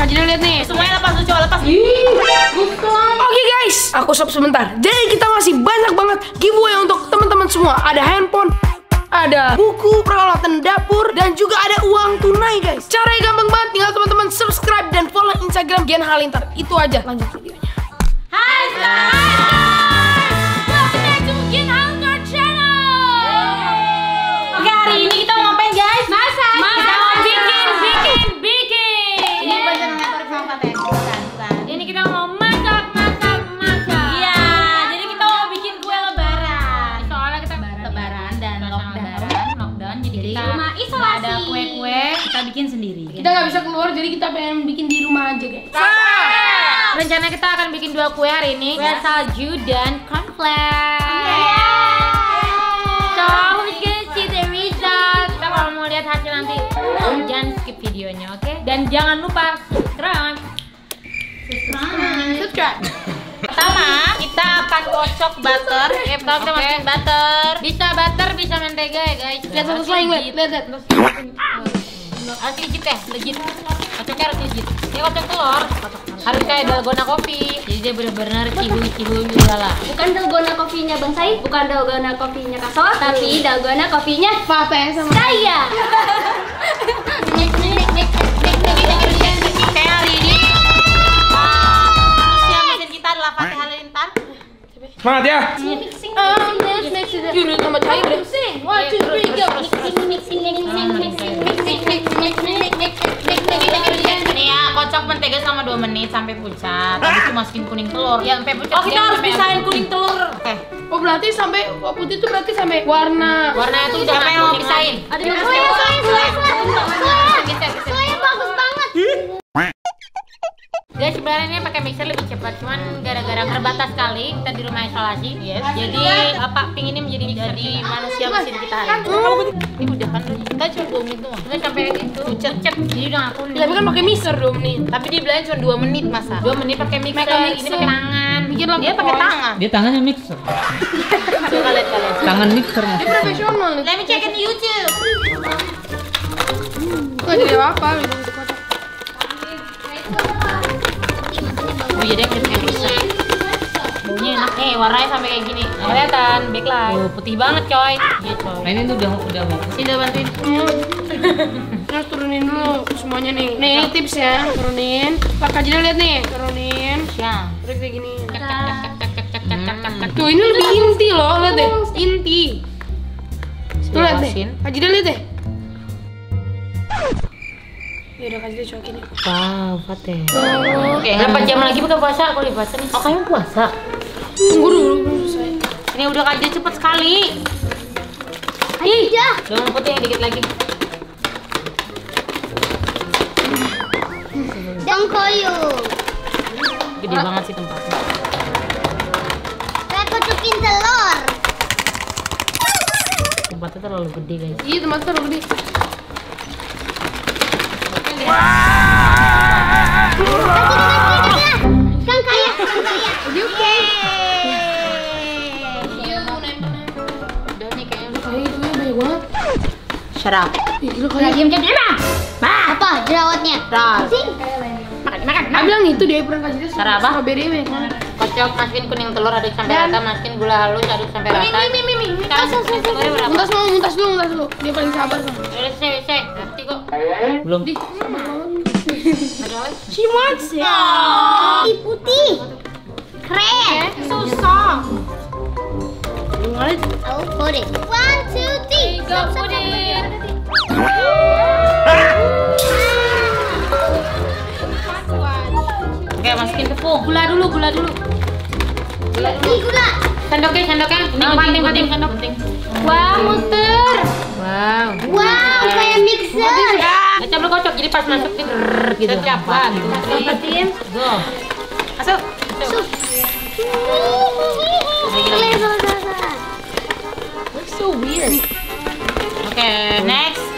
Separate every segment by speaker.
Speaker 1: Kak Jidil lihat nih. Semuanya lepas tuh coba lepas. Oke okay, guys, aku stop sebentar. Jadi kita masih banyak banget giveaway untuk teman-teman semua. Ada handphone, ada buku peralatan dapur dan juga ada uang tunai guys. Cara yang gampang banget, tinggal teman-teman subscribe dan follow Instagram Gen Halinter Itu aja. Lanjut videonya. Hai,
Speaker 2: sendiri. Di rumah isolasi. ada kue-kue, kita bikin sendiri. Kita nggak bisa keluar, jadi kita pengen bikin di rumah aja, guys. Rencana kita akan bikin dua kue hari ini, kue salju dan cornflakes.
Speaker 1: Yeah. So, we gonna see
Speaker 2: the result? Kita kalau mau lihat hasil nanti, jangan skip videonya, oke? Dan jangan lupa subscribe. Subscribe. Subscribe. Pertama, kita akan kocok butter. Eh, pertama kita okay. masukin butter. Bisa butter, bisa mentega ya, guys. Lihat terus lagi, gitu. lihat, lihat. Harus legit ya, legit. Kocoknya harus legit. Ini kocok telur. Harus kayak dalgona kopi. Jadi dia benar-benar kibu-kibu juga lah. Bukan dalgona kopinya Bang Sai, bukan dalgona kopinya Kasor, tapi dalgona kopinya Papa sama saya. Semangat ya. Mixing, kocok mentega sama 2 menit sampai pucat. Habis
Speaker 1: itu masukin kuning telur. Ya sampai pucat. Oh, kita harus pisahin kuning telur. Eh. Oh, berarti sampai oh, putih itu berarti sampai warna. Warna itu yang mau pisahin. Ada yang mau pisahin. Iya,
Speaker 2: dia sebenarnya ini pakai mixer lebih cepat cuman gara-gara terbatas kali kita di rumah isolasi yes. jadi apa ping ini menjadi mixer jadi manusia mesin kita hari ini Ini udah kan kita cuma dua menit doang Cuma sampai gitu pucet jadi udah aku nih tapi kan pakai mixer dua menit tapi dibilangnya cuma dua menit masa dua menit pakai mixer, mixer. ini pakai tangan lo dia pakai tangan dia tangannya mixer coba lihat kalian tangan mixer dia profesional
Speaker 1: let me check in YouTube Gak jadi apa-apa,
Speaker 2: Oh iya deh, yang rusak. Baunya enak. Nih, eh, warnanya sampai kayak gini. kelihatan backlight. Oh, putih banget, coy. Iya, gitu. coy. Nah, ini tuh udah udah mau. Ini udah bantuin.
Speaker 1: Nah, turunin dulu semuanya nih. Nih, ini tips ya. Turunin. Pak Kajina lihat nih. Turunin. Ya.
Speaker 2: Terus kayak gini. Tuh, ini lebih inti loh, lihat deh.
Speaker 1: Inti. Tuh lihat deh. Kajina lihat deh.
Speaker 2: Ya udah kasih dicokin ya. Wow, Fat ya. Oke, berapa jam lagi buka puasa? Aku di puasa nih. Oh, kalian puasa? Tunggu dulu, belum selesai. Ini udah kaji cepet sekali.
Speaker 1: Ayo, ya. Jangan putih yang dikit lagi. Dan koyo Gede oh. banget sih tempatnya. Saya kucukin telur.
Speaker 2: Tempatnya terlalu gede, guys.
Speaker 1: Iya, tempatnya terlalu gede.
Speaker 2: Shut up. Udah diam diam mah. Mah. Apa? Jerawatnya. Jerawat. Makan makan. Nah, bilang itu dia pernah kasih dia. Cara apa? Ah. Strawberry banyak. Kocok masukin kuning telur aduk sampai rata, masukin gula halus aduk sampai rata. Mimi mimi
Speaker 1: mimi. Kasih kuning telur Muntas dulu, muntas dulu, muntas dulu. Dia paling sabar kan. Terus
Speaker 2: saya saya nanti kok. Belum. Di.
Speaker 1: She wants it. Ah. Putih putih. Keren. So soft. What? I'll put it. One, two, three. Go put it.
Speaker 2: Oh, gula dulu, gula dulu. Gula dulu. gula. Sendoknya, sendoknya. Ini oh, penting, penting, sendok. Wow, muter. Wow. Wow, kayak mixer. Kita lu kocok, jadi pas masuk di grrrr gitu. Kecap, satu, gitu. go. Masuk. Masuk. So weird. Okay, next.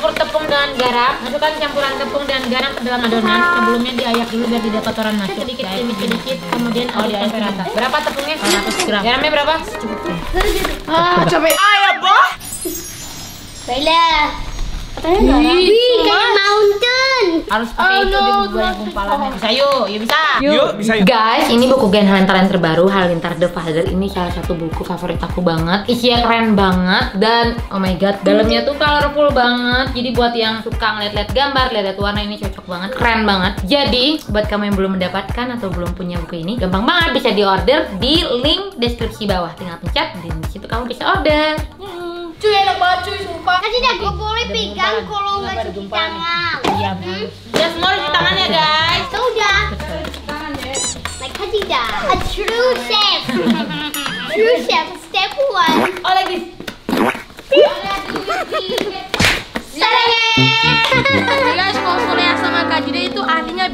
Speaker 2: Campur tepung dengan garam. Masukkan campuran tepung dan garam ke dalam adonan. Ah. Sebelumnya diayak dulu biar tidak kotoran masuk. Sedikit demi sedikit, kemudian oh diayak rata. Berapa tepungnya? 100 gram. Garamnya berapa? Cukup.
Speaker 1: Ah, capek. ayo ah, ya, boh. Baiklah katanya enggak. rapi kayak mountain harus pakai oh, itu no, di bulan kumpalannya bisa yuk yuk bisa yuk, yuk bisa yuk guys
Speaker 2: ini buku Gen Hunter yang terbaru Halintar The Father ini salah satu buku favorit aku banget isinya keren banget dan oh my god dalamnya tuh colorful banget jadi buat yang suka ngeliat-liat gambar lihat-lihat warna ini cocok banget keren banget jadi buat kamu yang belum mendapatkan atau belum punya buku ini gampang banget bisa diorder di link deskripsi bawah tinggal pencet dan disitu kamu bisa order
Speaker 1: Cuy enak banget cuy sumpah. Nanti dia gue boleh pegang kalau nggak cuci tangan. Iya. bu Ya semua harus cuci tangan ya guys. Sudah. Like Khadija, a true chef. true chef step one. Oh lagi this.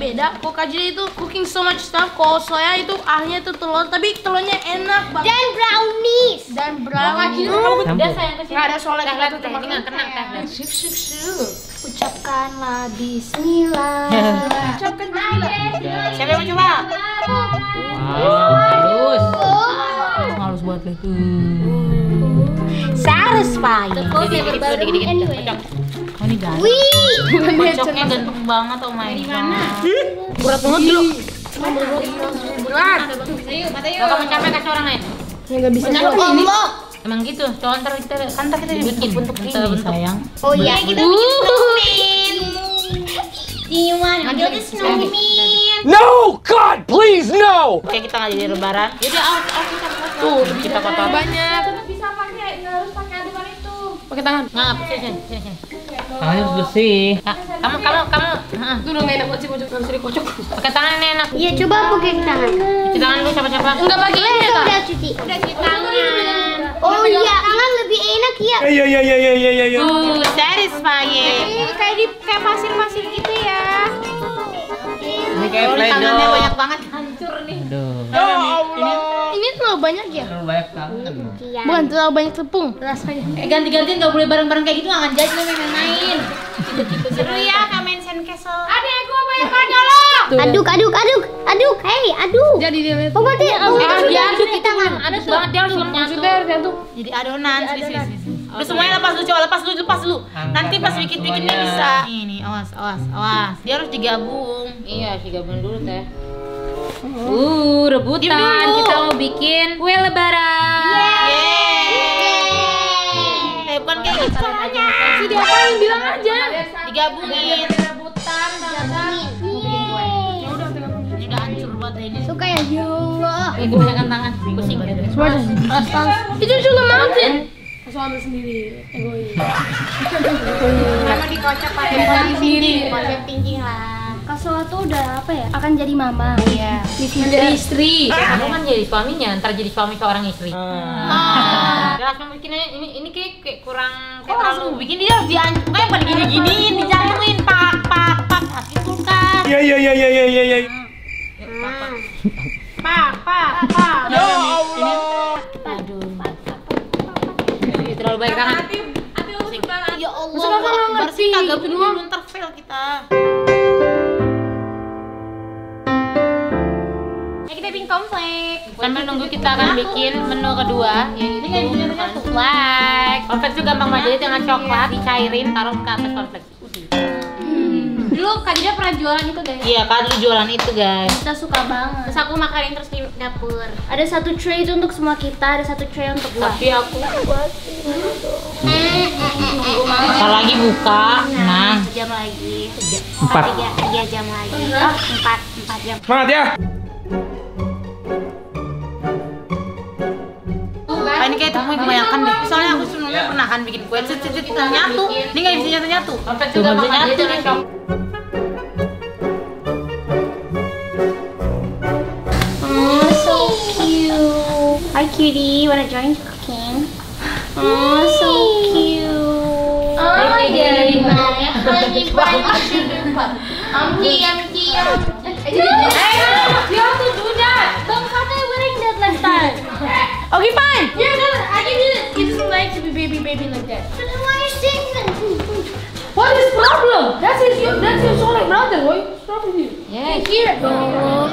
Speaker 1: beda aja itu cooking so much stuff kok soya itu ahnya itu telur tapi telurnya enak banget dan brownies dan brownies aja kamu sayang nggak ada soalnya kita tuh teman nggak kena sip sip sip ucapkanlah bismillah ucapkan bismillah siapa yang mau coba harus halus
Speaker 2: banget itu satisfying dikit dikit dikit
Speaker 1: ini ganteng wih
Speaker 2: ganteng banget oh my god
Speaker 1: berat banget dulu berat
Speaker 2: kalau kamu capek kasih orang lain ya nggak bisa Emang gitu, cowok ntar kita kan kita bikin bentuk ini sayang. Oh iya, kita bikin uh. snowman. Do you want snowman?
Speaker 1: No, God, please no.
Speaker 2: Oke, kita nggak jadi lebaran. Jadi out, out kita kotor. Tuh, kita kotor. Banyak. Bisa pakai, nggak harus pakai aduan itu. Pakai tangan. Nggak, sini, sini, sini. Tangannya harus bersih. kamu, kamu, kamu. Itu udah enak banget sih kocok. Harus dikocok. Pakai tangan ini enak. Iya, coba pakai tangan. Cuci tangan dulu siapa-siapa. Enggak pakai ini, Kak. Udah
Speaker 1: cuci. Udah cuci tangan. Oh iya, tangan lebih enak ya. Iya, iya, iya, iya, iya, iya. Uh, satisfying. Kayak di kayak
Speaker 2: pasir-pasir gitu ya. Ini kayak play tangannya banyak banget hancur
Speaker 1: nih. Aduh. Ya Allah ini terlalu banyak ya? Terlalu banyak kan? Bukan terlalu banyak tepung
Speaker 2: rasanya. Eh ganti ganti nggak boleh bareng-bareng kayak gitu nggak jadi main-main. Seru ya kamen sandcastle. Ada aku apa banyak loh. Aduk, aduk, aduk, aduk. Hei, aduk. Jadi dia. Oh berarti eh, oh, dia aduk kan. tangan. Ada banget dia harus tuh. Jadi adonan, Terus
Speaker 1: Lu semuanya lepas dulu,
Speaker 2: coba lepas dulu, lepas dulu. Nanti pas bikin-bikinnya bisa. Ini, awas, awas, awas. Dia harus digabung. Iya, digabung dulu teh. Uh, rebutan. Kita mau bikin kue lebaran. Yeay. Yeay. Eh, bukan kayak gitu. Sih diapain bilang aja. Digabungin. Rebutan, digabungin. Ya udah, digabungin. Udah hancur banget ini. Suka ya,
Speaker 1: ya Allah. Eh, kebanyakan tangan. Pusing. Itu juga mountain suami sendiri egois. Kamu dikocok pakai sendiri, kocok pinggir lah. Kak Sola tuh udah apa ya? Akan jadi mama. Iya. Menjadi istri. Ah. Aku
Speaker 2: kan jadi suaminya, ntar jadi suami ke orang istri. Ah.
Speaker 1: ah.
Speaker 2: Dia ya, langsung bikinnya ini ini kayak, kayak kurang kayak oh, terlalu bikin dia harus diancur kayak pada gini gini dijatuhin pak
Speaker 1: pak pak masukin kulkas. Iya iya iya iya iya iya. Hmm. Ya, pak pak pak. Ya Allah. Ya aduh.
Speaker 2: Ini terlalu baik kan? Ya Allah. bersih? Kagak bersih, ntar fail kita. baking komplek. Sambil nunggu kita akan bikin menu kedua yaitu komplek. Komplek juga gampang banget jadi iya. dengan coklat dicairin taruh ke atas komplek. Hmm. Dulu Kak Dida pernah jualan itu guys Iya Kak dulu jualan itu guys Kita suka banget Terus aku makanin terus di dapur Ada satu tray itu untuk semua kita Ada satu tray untuk gua Tapi aku Kalau hmm. lagi buka Nah, jam lagi 4
Speaker 1: 3
Speaker 2: jam lagi Oh, 4 4 jam Semangat ya kayak itu kebanyakan deh. Soalnya aku sebelumnya pernah kan bikin kue, cicit-cicit nyatu. Iya, iya, iya. Ini nggak bisa nyatu-nyatu. Tuh, bisa nyatu Hi cutie, wanna join cooking? Oh, so cute. Oh my god, my honey bunny
Speaker 1: sugar puff. Umpty, umpty, umpty. Okay, fine. Yeah, no, no, I can do this. He doesn't like to be baby, baby like that. But then why are you saying that?
Speaker 2: What is problem? That's his, that's your sonic brother,
Speaker 1: boy. What's wrong with you? Yeah, here. No.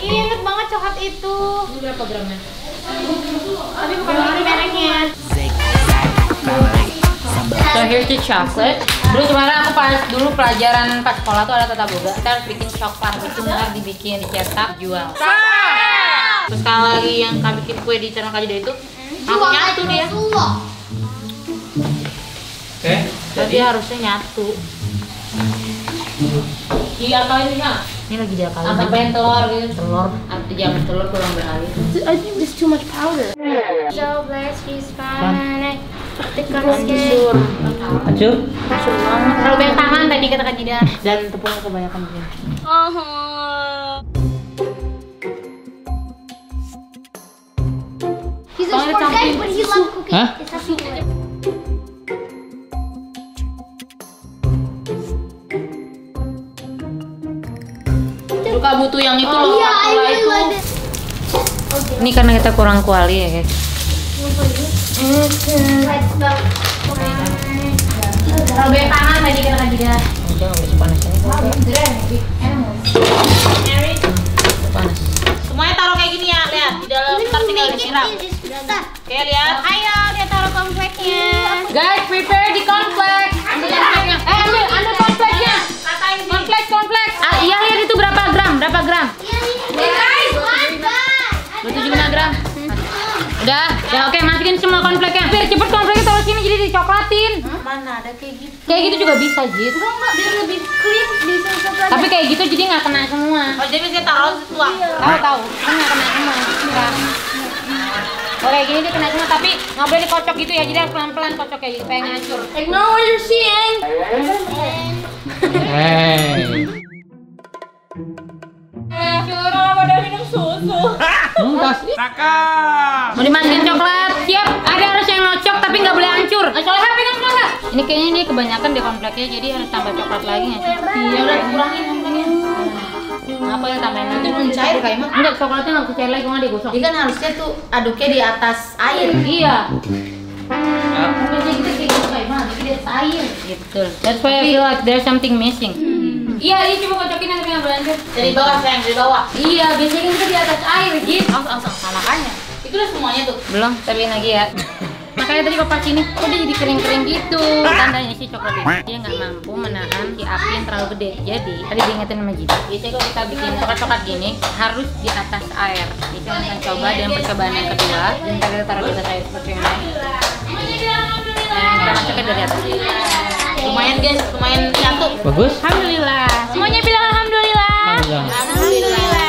Speaker 1: Iingat banget coklat itu. Berapa gramnya? Tapi bukan mereknya. So
Speaker 2: here's the chocolate. dulu gimana aku pas dulu pelajaran pas sekolah tuh ada tata boga kita harus bikin coklat itu nggak dibikin dicetak jual terus kalau lagi yang kami bikin kue di channel kajida itu aku nyatu dia oke jadi harusnya nyatu iya diakalin ini ini lagi kali. apa pengen telur gitu telur jam telur kurang berhari I think too much powder so guys, she's fine Hancur. Hancur? Hancur banget. Terlalu banyak tangan tadi katakan tidak. Dan tepungnya kebanyakan juga
Speaker 1: Oh. He's a sport guy, but he loves cooking. Hah? Luka butuh yang itu loh, oh, yeah, iya, itu.
Speaker 2: Ini karena kita kurang kuali ya guys. Robek tangan tadi kena kan juga. Udah nggak panas ini. Semuanya taruh kayak gini ya, lihat di dalam ntar tinggal disiram. Oke lihat. Ayo lihat taruh kompleksnya. Guys, prepare di kompleks. Ambil iya. konfliknya. Eh ambil, ambil kompleksnya. Kompleks kompleks. Ah, iya lihat itu berapa gram? Berapa gram? Berapa iya, iya. gram? Udah, ya oke masukin semua konfliknya. Fir, cepet konfliknya taruh sini jadi dicoklatin. Hah? Mana ada kayak gitu? Kayak gitu juga bisa, Jit. Enggak, enggak, biar lebih clean bisa coklat. Tapi kayak gitu jadi nggak kena semua. Oh, jadi bisa taruh semua. Ah? Iya. Tahu, tahu. Kan nggak kena semua. Enggak. Oh, gini dia kena semua, tapi nggak boleh dikocok gitu ya. Jadi pelan-pelan kocok kayak gitu, pengen hancur. Ignore what you're seeing. Eh, kayaknya ini kebanyakan di kompleknya jadi harus tambah coklat lagi ya iya udah kurangin kompleknya hmm. apa yang tambahin lagi? Itu cair kayak mah? Enggak, coklatnya nggak bisa cair lagi, cuma digosok. Iya kan harusnya tuh aduknya di atas air. Iya. Pokoknya kita kayak gitu kayak mah, di atas air. Gitu. That's why I feel like there's something missing. Hmm. Iya, ini coba kocokin yang tengah berlanjut. Dari bawah sayang, dari bawah. Iya, biasanya kita kan di atas air gitu. Langsung, langsung, makanya. Itu udah semuanya tuh. Belum, tapi lagi ya makanya tadi papa sini kok dia jadi kering-kering gitu tandanya si coklat ini dia nggak mampu menahan si api yang terlalu gede jadi tadi diingetin sama Gita biasanya kalau kita bikin coklat-coklat gini harus di atas air itu akan coba dengan percobaan yang kedua dan kita taruh di atas air seperti ini kita masukkan dari atas lumayan guys lumayan satu bagus alhamdulillah semuanya bilang
Speaker 1: alhamdulillah alhamdulillah, alhamdulillah.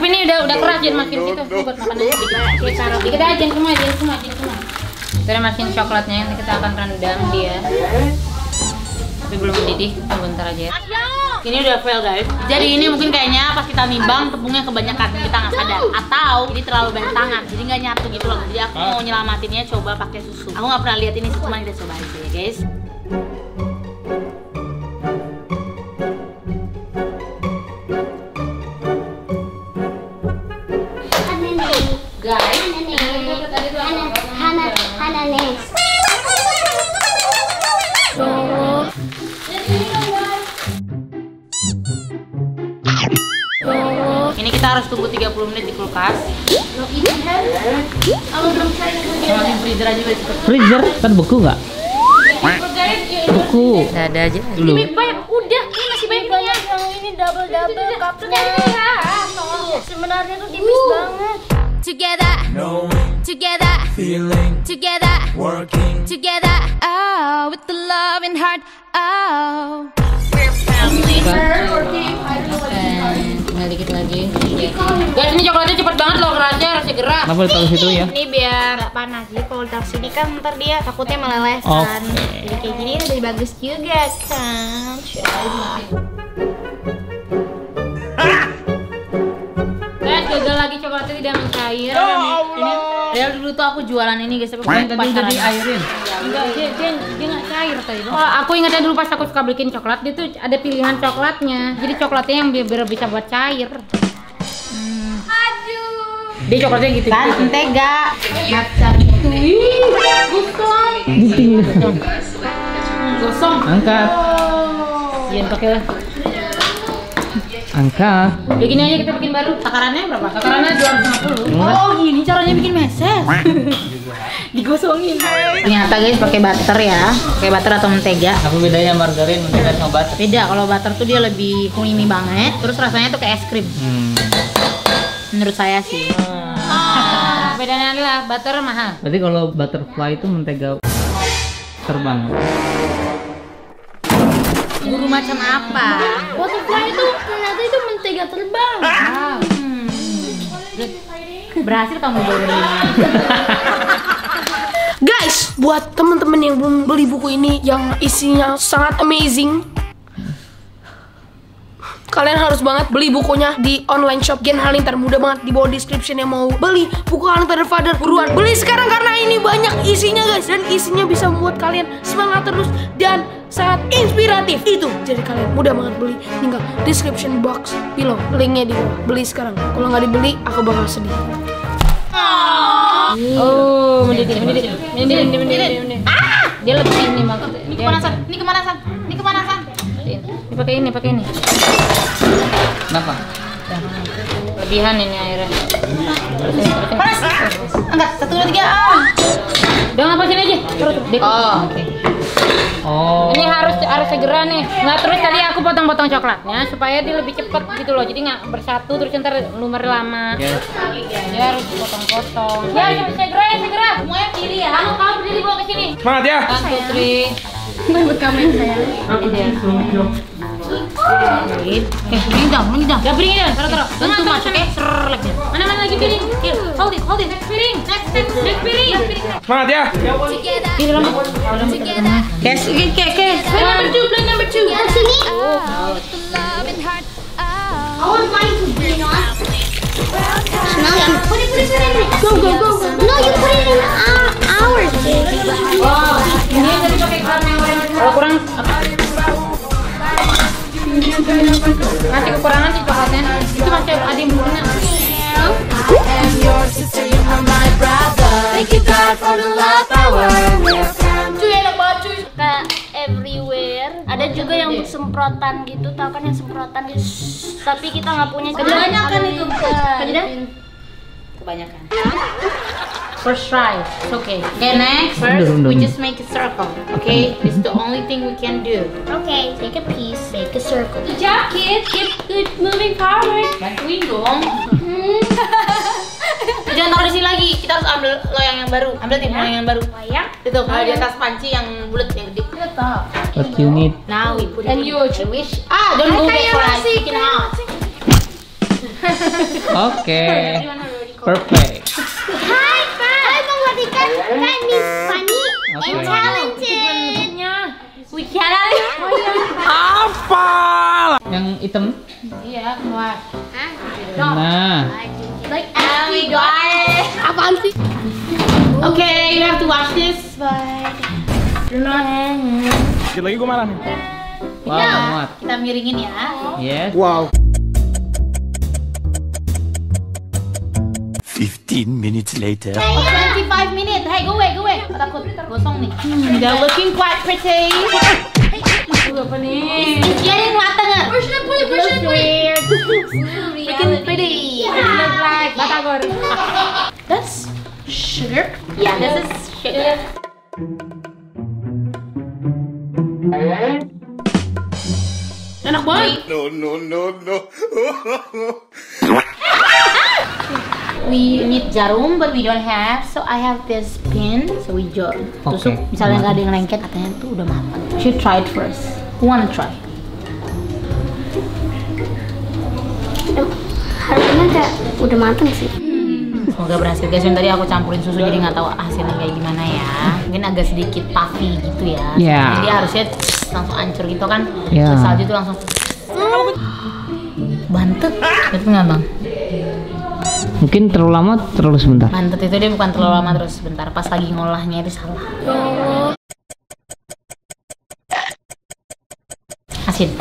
Speaker 2: tapi ini udah udah keras jadi makin gitu buat makanannya kita taruh dikit aja jangan semua jangan semua jangan semua kita masukin coklatnya yang kita akan rendam dia tapi belum mendidih tunggu ntar aja ya. ini udah fail guys jadi ini mungkin kayaknya pas kita nimbang tepungnya kebanyakan kita nggak sadar atau ini terlalu banyak tangan jadi nggak nyatu gitu loh jadi aku mau ah. nyelamatinnya coba pakai susu aku nggak pernah lihat ini cuma kita coba aja ya guys 20 menit di kulkas. Kalau freezer kan beku nggak? Beku. Ada aja. Dulu. Ini banyak. Udah, ini masih banyak Yang ini double double cupnya. Sebenarnya tuh tipis banget. Together, together, feeling, together, working, together, oh, with the love and heart, oh. We're family. We're working.
Speaker 1: I
Speaker 2: tinggal dikit lagi. Guys, ini coklatnya cepet banget loh kerasnya, harus segera. Kenapa ditaruh situ ya? Ini biar nggak panas. Jadi kalau ditaruh sini kan ntar dia takutnya meleleh kan. Okay. Jadi kayak gini lebih bagus juga kan. Guys, gagal lagi coklatnya tidak mencair. Oh, Padahal dulu tuh aku jualan ini guys, tapi bukan tadi jadi airin. Enggak, dia dia dia enggak cair tadi. Oh, aku ingatnya dulu pas aku suka bikin coklat, dia tuh ada pilihan coklatnya. Jadi coklatnya yang biar bisa buat cair. Hmm. Dia coklatnya gitu. Kan mentega,
Speaker 1: macam itu. gosong. Gosong. Angkat. Iya, pakai lah
Speaker 2: angka Begini aja kita bikin baru takarannya berapa? takarannya 250 oh gini caranya bikin meses digosongin ternyata guys pakai butter ya pakai butter atau mentega apa bedanya margarin mentega sama butter? beda kalau butter tuh dia lebih creamy banget terus rasanya tuh kayak es krim hmm. menurut saya sih Ah. ah bedanya adalah butter mahal berarti kalau butterfly itu mentega terbang Guru macam apa? Butterfly itu ternyata itu mentega terbang. Ah! Hmm. Berhasil kamu
Speaker 1: beli. Guys, buat teman-teman yang belum beli buku ini yang isinya sangat amazing, kalian harus banget beli bukunya di online shop Gen Halintar mudah banget di bawah description yang mau beli buku Halintar Father buruan beli sekarang karena ini banyak isinya guys dan isinya bisa membuat kalian semangat terus dan sangat inspiratif itu jadi kalian mudah banget beli tinggal description box below linknya di bawah beli sekarang kalau nggak dibeli aku bakal sedih oh mendidih mendidih mendidih mendidih mendidih ah! dia lebih ini
Speaker 2: maksudnya ini kemanasan ini kemanasan ini kemanasan ini pakai ini pakai ini kenapa lebihan ini airnya panas angkat satu dua tiga ah Udah ngapa sini aja. Terus oh. oh, oke. Okay. Oh. Ini harus harus segera nih. Nah terus tadi aku potong-potong coklatnya supaya dia lebih cepet gitu loh. Jadi nggak bersatu terus ntar lumer lama. ya Dia harus potong-potong. Ya cepet segera ya segera. Semuanya berdiri ya. Kamu kamu berdiri bawa ke
Speaker 1: sini. Semangat ya. Satu, Putri.
Speaker 2: Ini buat kamu yang sayang. Aku dia. Ini dong, ini dong. Ya piring dong, taruh taruh. Tentu masuk ya. Mana mana lagi piring? Here, hold it, hold it. Next piring, next next next piring. Semangat ya. Ini dalam. Yes, okay, okay, okay. Play number two, play number two. What's sini.
Speaker 1: Oh. I want mine to be on. Smell it. Put it, put it, put it. Go, go, go. No, you put it in ours. Wow. Ini tadi pakai warna Kalau oh, kurang
Speaker 2: Nanti kekurangan sih coklatnya. Itu masih ada yang berguna. Cuy enak banget cuy. Kayak everywhere. Ada juga yang semprotan gitu, tau kan yang semprotan gitu. Tapi kita nggak punya. Kebanyakan itu. Kebanyakan. Kebanyakan. First try. It's okay. Okay, next. First, we just make a circle. Okay? Mm-hmm. It's the only thing we can do. Okay. Take a piece, make a circle. Good job, kids. Keep good moving forward. Bantuin mm-hmm. dong. Jangan taruh di sini lagi. Kita harus ambil loyang yang baru. Ambil tim loyang yang baru. Loyang? Itu kalau di atas panci yang bulat yang gede. What you need? Now we put it. And you wish. Ah, don't move it for us.
Speaker 1: Oke. Okay. Perfect. Aku talented.
Speaker 2: We talented. iya. Apa? Yang hitam? Iya,
Speaker 1: Hah? Nah. Like and uh, we got it. Apaan sih? Okay, you have to watch this, but you're not. Nah,
Speaker 2: Sedikit nah, nah. lagi gue marah nih. Wow, kita, kita miringin ya.
Speaker 1: Yes. Wow. 15 minutes later. Oh,
Speaker 2: five minutes. Hey, go away, go away. Hmm, they're looking quite pretty. It's getting hot. Push it, push it, push it, push
Speaker 1: it. Freaking pretty. It looks like That's sugar? Yeah, this is sugar. No, no, no, no.
Speaker 2: we need jarum but we don't have so I have this pin so we jor terus okay. misalnya nggak ada yang mm-hmm. lengket katanya tuh udah mapan She tried first Who wanna try harusnya kayak udah mateng sih hmm. semoga berhasil guys yang tadi aku campurin susu jadi nggak tahu hasilnya kayak gimana ya mungkin agak sedikit puffy gitu ya yeah. jadi harusnya langsung ancur gitu kan yeah. salju tuh langsung bantet Itu nggak bang Mungkin terlalu lama, terlalu sebentar. Mantep itu dia bukan terlalu lama terus sebentar. Pas lagi ngolahnya itu salah. Asin.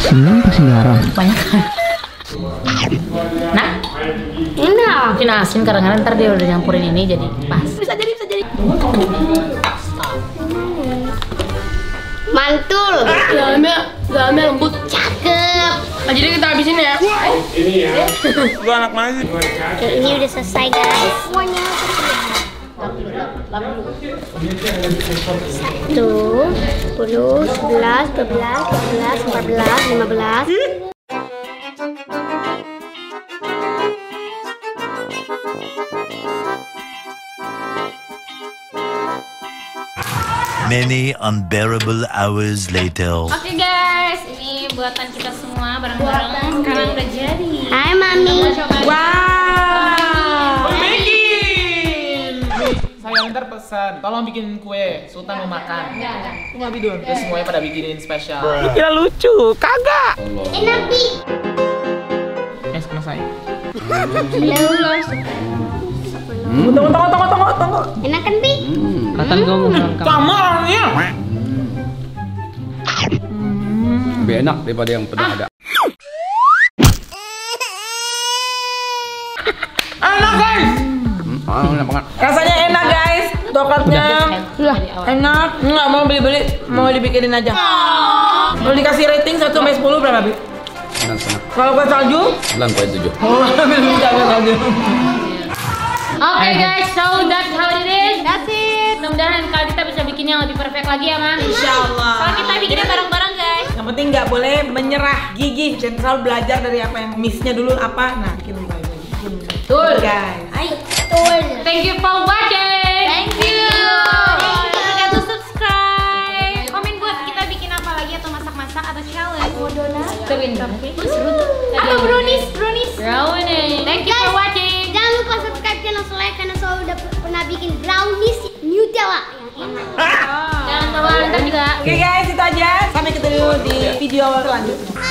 Speaker 2: Asin kan pasti garam. Banyak. Nah, ini mungkin asin karena ntar dia udah nyampurin ini
Speaker 1: jadi pas. Bisa jadi, bisa jadi. Mantul. Dalamnya, dalamnya lembut. Cakep. Oh, jadi kita habisin ya.
Speaker 2: Ini ya. Lu anak mana sih? Oke,
Speaker 1: ini udah selesai, guys. Semuanya. Satu, sepuluh, sebelas, dua belas, tiga belas, empat belas, lima belas.
Speaker 2: Many unbearable hours later. Oke okay guys, ini buatan kita semua bareng-bareng. Sekarang udah jadi. Hai mami. Wow. Saya ntar pesan, tolong bikin kue. Sultan mau makan. Enggak, enggak. Enggak tidur. Terus semuanya pada
Speaker 1: bikinin spesial. Kira lucu, kagak. Enak bi. Eh, kena saya. Hmm. Tunggu, tunggu, tunggu, tunggu, tunggu. Enak kan bi? Hmm. Kata gue mau makan. Kamu orangnya. lebih enak daripada yang pernah ada. Enak guys. Hmm, ah, enak banget. Rasanya enak guys. Tokatnya Udah. enak. Enggak mau beli-beli, mau hmm. dibikinin aja. mau dikasih rating 1 sampai 10 berapa, Bi? Kalau kue salju? 9.7. Oh, bisa ya, kue salju. Oke guys,
Speaker 2: so that's how it is. That's it. Mudah-mudahan kali kita bisa bikin yang lebih perfect lagi ya, Ma. Insyaallah. Kalau kita bikinnya
Speaker 1: bareng-bareng yang penting nggak boleh menyerah gigih dan selalu belajar dari apa yang missnya dulu apa. Nah, bikin gitu, lebih baik lagi. Gitu. Betul gitu, guys. Ayo, betul. Thank you for
Speaker 2: watching. Thank you. bikin Apa brownies? Brownies. Brownies. Thank you for watching.
Speaker 1: Jangan lupa subscribe channel Soleh karena Soleh udah pernah bikin brownies New Jawa.
Speaker 2: Jangan lupa nonton juga. Oke okay
Speaker 1: guys, itu aja. Sampai ketemu di video selanjutnya.